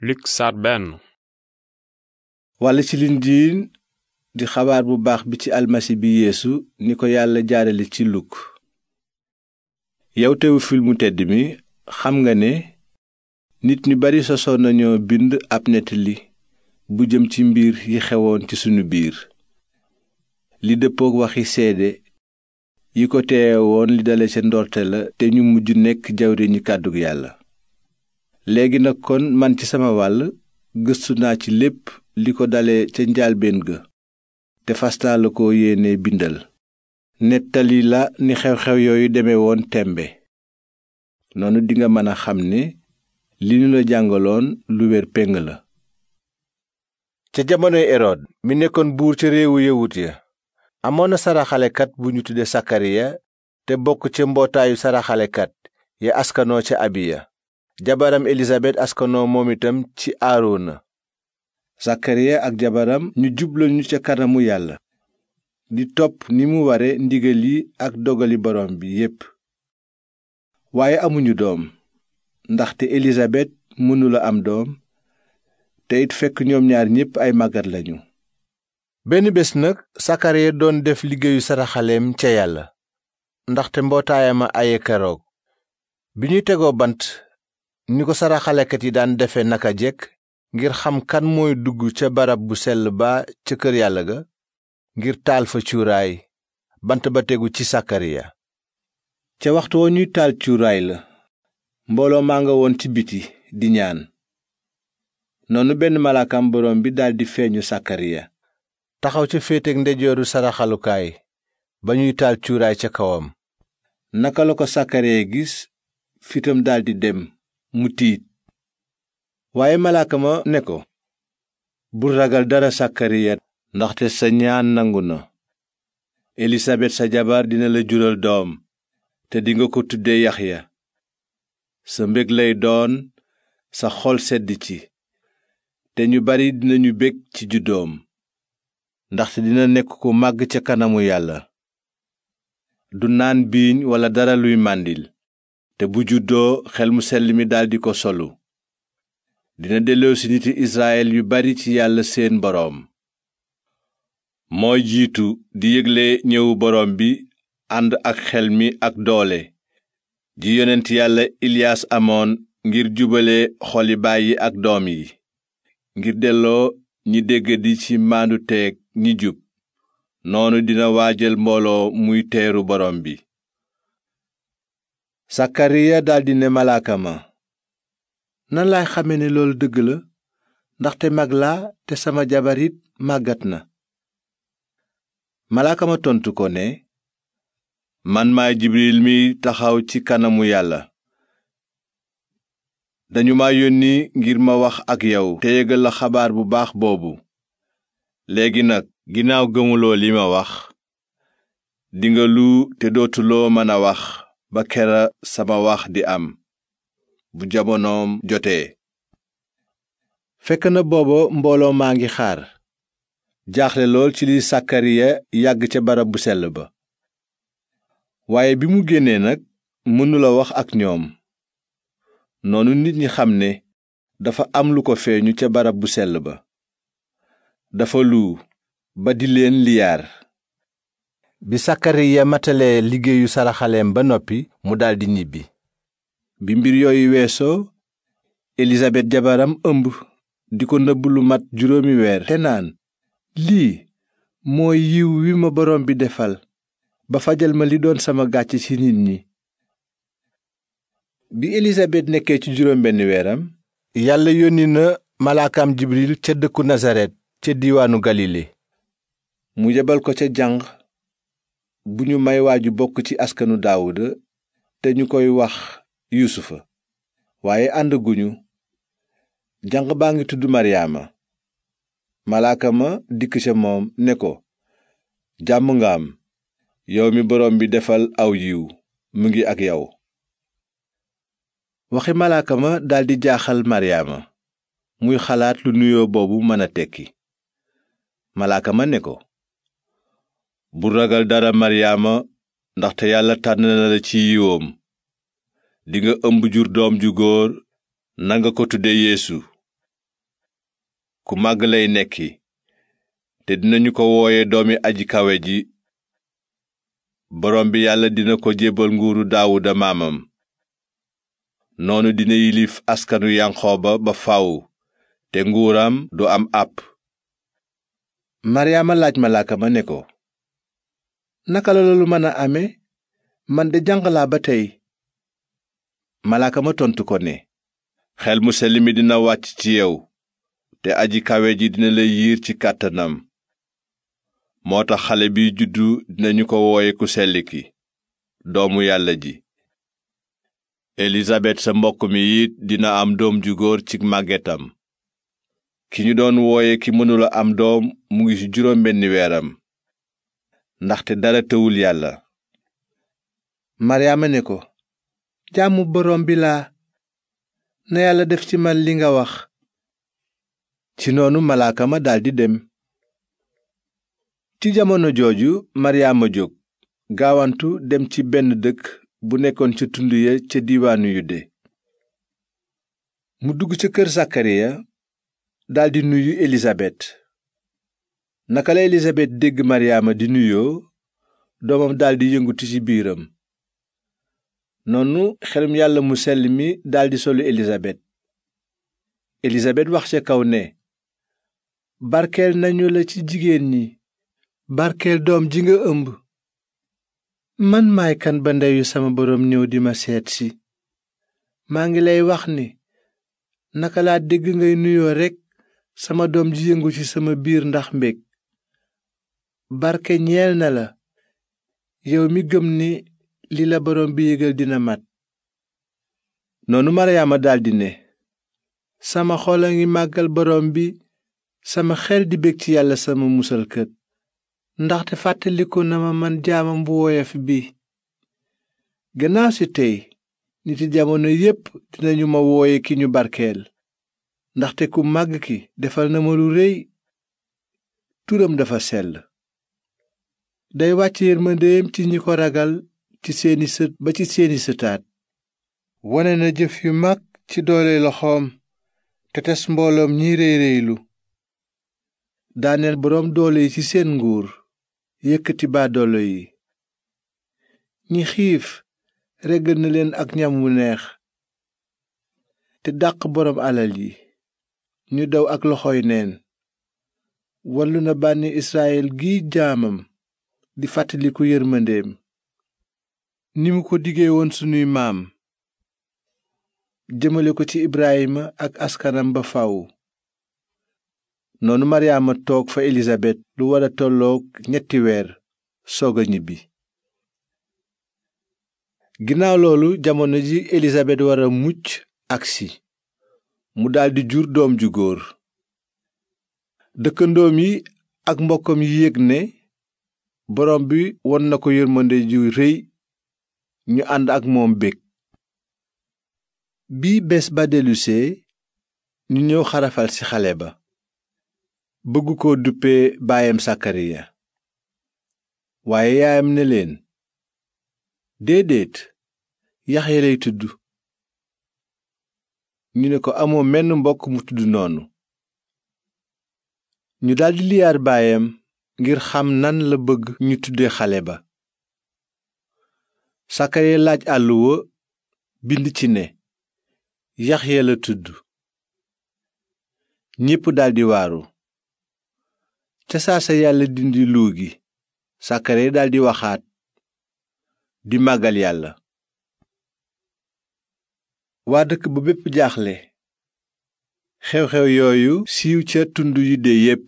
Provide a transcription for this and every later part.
Luk saar benn. walla ci lindiin di xabaar bu baax bi ci almasi bi yéesu ni ko yàlla jaarale ci luk yow tewufil filmu tedd mi xam nga ne nit ñu bari sosoon nañu bind ab nettali bu jëm ci mbir yi xewoon ci sunu biir li dëppook waxi seede yi ko teewoon li dale ca ndoorte la te ñu mujj nekk jawriñu kàddug yàlla léegi nag kon man ci sama wàll gëstu naa ci lépp li ko dale ca njaalbeen ga te fas la ko yéene bindal nettali la ni xew-xew yooyu deme woon tembe noonu dinga mën a xam ne li ñu la jàngaloon lu wér péng la ca jamonoy erod mi nekkoon buur ca réewu yawut ya amoon na saraxalekat bu ñu tuddee sakariya te bokk ca mbootaayu saraxalekat ya askanoo ca abiya jabaram elisabet askanoo moom itam ci aarona sakariya ak jabaram ñu jublañu ca kanamu yàlla di topp ni mu ware ndigal yi ak dogali borom bi yépp waaye amuñu doom ndaxte elisabet mënula am doom te it fekk ñoom ñaar ñépp ay màggat lañu benn bés nag sakariya doon def liggéeyu saraxaleem ca yàlla ndaxte mbootaayama aye keroog bi ñuy tegoo bant ni ko saraxaleket yi daan defe naka jekk ngir xam kan mooy dugg ca barab bu sell ba ca kër yàlla ga ngir taal fa cuuraay bant ba tegu ci sakariya ca waxtu wa ñuy taal cuuraay la mbooloo maa nga woon ci biti di ñaan noonu benn malaakam borom bi daldi feeñu sakariya taxaw ca féeteeg ndejooru saraxalukaay ba ñuy taal cuuraay ca kawam naka la ko sakariya gis fitam daldi dem mu waaye malaaka ma ne ko bul ragal dara sakariya ndaxte sa ñaan nangu na elisabet sa jabar dina la jural doom te dinga ko tudde yaxya sa mbég lay doon sa xol sedd ci te ñu bari dinañu bég ci juddoom ndaxte dina nekk ko màgg ca kanamu yàlla du naan biiñ walla dara luy màndil te bu juddoo xel mu sell mi daldi ko solu dina delloo ci niti israel yu bari ci yàlla seen boroom mooy jiitu di yëgle ñëwu boroom bi ànd ak xel mi ak doole di yonent yàlla iliyaas amoon ngir jubale xoli baay yi ak doom yi ngir delloo ñi déggadi ci maandu teeg ñi jub noonu dina waa waajal mbooloo muy teeru boroom bi sakariya daldi ne malaaka ma nan laay xame ne loolu dëgg la ndaxte mag la te sama jabar it màggat na malaaka ma tontu ko ne man maay jibril mi taxaw ci kanamu yàlla dañu ma yónni ngir ma wax ak yow te yégal la xabaar bu baax boobu léegi nag ginnaaw gëmuloo li ma wax dinga lu te dootuloo mën a wax ba sama wax di am bu jamonoom jotee fekk na booba mbooloo maa ngi xaar jaaxle lool ci li sàkkariya yàgg ca barab bu sell ba waaye bi mu génnee nag mënula wax ak ñoom noonu nit ñi xam ne dafa am lu ko feeñu ca barab bu sell ba dafa lu ba di leen liyaar bi sakariya matale liggéeyu saraxaleem ba noppi mu daldi ñibbi bi mbir yooyu weesoo elisabet jabaram ëmb di ko nëbb lu mat juróomi weer te naan lii mooy yiw wi ma borom bi defal ba fajal ma li doon sama gàcc ci nit ñi bi elisabet nekkee ci juróom benn weeram yàlla yónni na malaakam jibril ca dëkku nasaret ca diiwaanu galile mu yebal ko ca jàng bu ñu may waa ju bokk ci askanu daawuda te ñu koy wax yuusufa waaye ànd guñu janq baa ngi tudd maryaama malaaka ma dikk ca moom ne ko jàmm nga am yow mi boroom bi defal aw yiw mu ngi ak yow waxi malaaka ma daldi jaaxal maryaama muy xalaat lu nuyoo boobu mën a tekki malaaka ma ne ko bu ragal dara maryaama ndaxte yàlla tànn na la ci yiwoom dinga ëmb jur doom ju góor nanga ko tudde yeesu ku màgg lay nekki te dinañu ko wooye doomi aji kawe ji borom bi yàlla dina ko jébbal nguuru daawuda maamam noonu dina yilif askanu yanqooba ba faw te nguuram du am àpp maryaama laaj malaaka ma ne ko naka la loolu mën a ame man de jànq laa ba tey malaaka ma tontu ko ne xel mu selli mi dina wàcc ci yow te aji kawe ji dina la yiir ci kàttanam moo tax xale bi juddu dinañu ko wooye ku sell doomu yàlla ji elisabet sa mbokk mi it dina am doom ju góor ci màggetam ki ñu doon wooye ki mënula am doom mu ngi ci juróom benni weeram ndaxte dara yàlla maryaama ne ko jaamu borom bi laa na yàlla def ci man li nga wax ci noonu malaaka ma daldi dem ci jamono jooju maryaama jóg gaawantu dem ci benn dëkk bu nekkoon ca tund ya ca diiwaanu de mu dugg ca kër sakariya daldi nuyu elisabet naka la elisabet dégg maryaama di nuyoo doomam daldi yëngutu ci biiram noonu xelum yàlla mu sell mi daldi solu elisabet elisabet wax ca kaw ne barkeel nañu la ci jigéen ñi barkeel doom ji nga ëmb man maay kan ba ndeyu sama boroom ñëw di ma seet si maa ngi lay wax ni naka laa dégg ngay nuyoo rekk sama doom ji yëngu ci sama biir ndax mbég barke ñeel na la yow mi gëm ni lii la borom bi yégal dina mat noonu maryaama daldi ne sama xol a ngi màggal borom bi sama xel di bég ci yàlla sama musalkat ndaxte fàttaliku na ma man jaamam bu woyof bi gannaaw si tey niti jamono yépp dinañu ma wooye ki ñu barkeel ndaxte ku màgg ki defal na ma lu réy turam dafa sell day wàcce yërmandeem ci ñi ko ragal ci seeni ba ci seeni sëtaat wone na jëf yu mag ci doole loxoom te tes mbooloom ñi réy réylu daaneel boroom doole yi ci seen nguur yëkkati baadoolo yi ñi xiif reggal na leen ak ñam wu neex te dàq boroom alal yi ñu daw ak loxoy neen wallu na bànni Israyil gi jaamam di fàttaliku yërmandeem ni mu ko diggee woon sunuy maam jëmale ko ci Ibrahima ak askanam ba faw noonu Maryaama toog fa Elisabet lu wara tollook ñetti weer soog a ñibbi ginnaaw loolu jamono ji Elisabet wara mucc agsi mu daldi jur doom ju góor dëkkandoom yi ak mbokkam yi yëg ne borom bi won na ko yërmande ju rëy ñu ànd ak moom bég bi bés ba dellusee ñu ñëw xarafal ci xale ba bëggu ko duppe baayam sakariya waaye yaayam ne leen déedéet yaxya lay tudd ñu ne ko amoo menn mbokk mu tudd noonu ñu daldi liyaar baayam ngir xam nan la bëgg ñu tudde xale ba sakaya laaj àlluwa bind ci ne la tudd ñépp daldi waaru ca saa sa yàlla dindi luu gi sakare daldi waxaat di màggal yàlla waa dëkk ba bépp jaaxle xew-xew yooyu siiw ca tund yu de yépp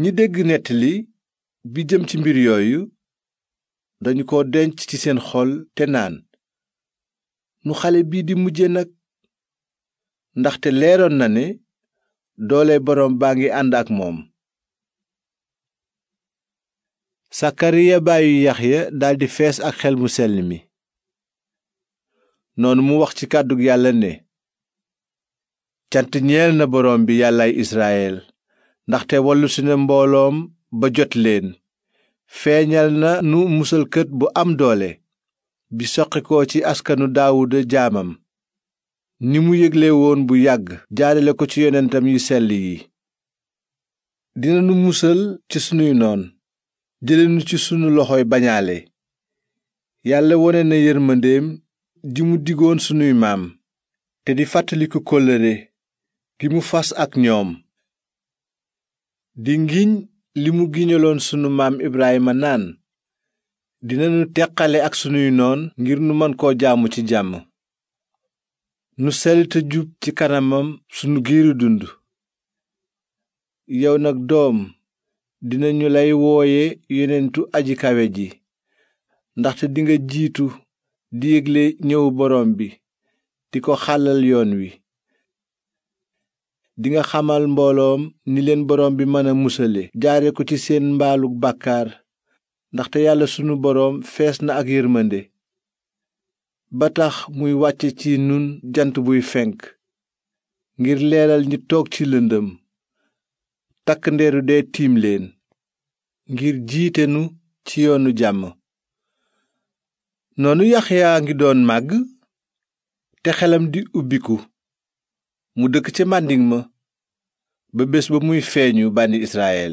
ñi dégg nettali bi jëm ci mbir yooyu dañu ko denc ci seen xol te naan nu xale bii di mujje nag ndaxte leeroon na ne doole boroom baa ngi ànd ak moom sakariya baayu yaxya daldi fees ak xel mu selli mi noonu mu wax ci kàddug yàlla ne cant ñeel na boroom bi yàllaay israyel ndaxte wallusi na mbooloom ba jot leen feeñal na nu musalkët bu am doole bi soqikoo ci askanu daawuda jaamam ni mu yégle woon bu yàgg jaarale ko ci yonentam yu sell yi dina nu musal ci sunuy noon jële nu ci sunu loxoy bañaale yàlla wone na yërmandeem ji mu digoon sunuy maam te di fàttaliku kóllëre gi mu fas ak ñoom di ngiñ li mu giñaloon sunu maam Ibrahima naan dinanu teqale ak sunuy noon ngir nu man koo jaamu ci jàmm nu sell te jub ci kanamam sunu giiru dund yow nag doom dinañu lay wooye yonentu aji kawe ji ndaxte dinga jiitu di yégle ñëwu boroom bi di ko xàllal yoon wi dinga xamal mbooloom ni leen borom bi mën a musale jaare ko ci seen mbaalu bàkkaar ndaxte yàlla sunu boroom fees na ak yërmande ba tax muy wàcce ci nun jant buy fenk ngir leeral ñi toog ci lëndëm takk ndeeru dee tiim leen ngir jiitenu ci yoonu jàmm noonu yaa ngi doon màgg te xelam di ubbiku mu dëkk ca màndiŋ ma ba bés ba muy feeñu bandi israel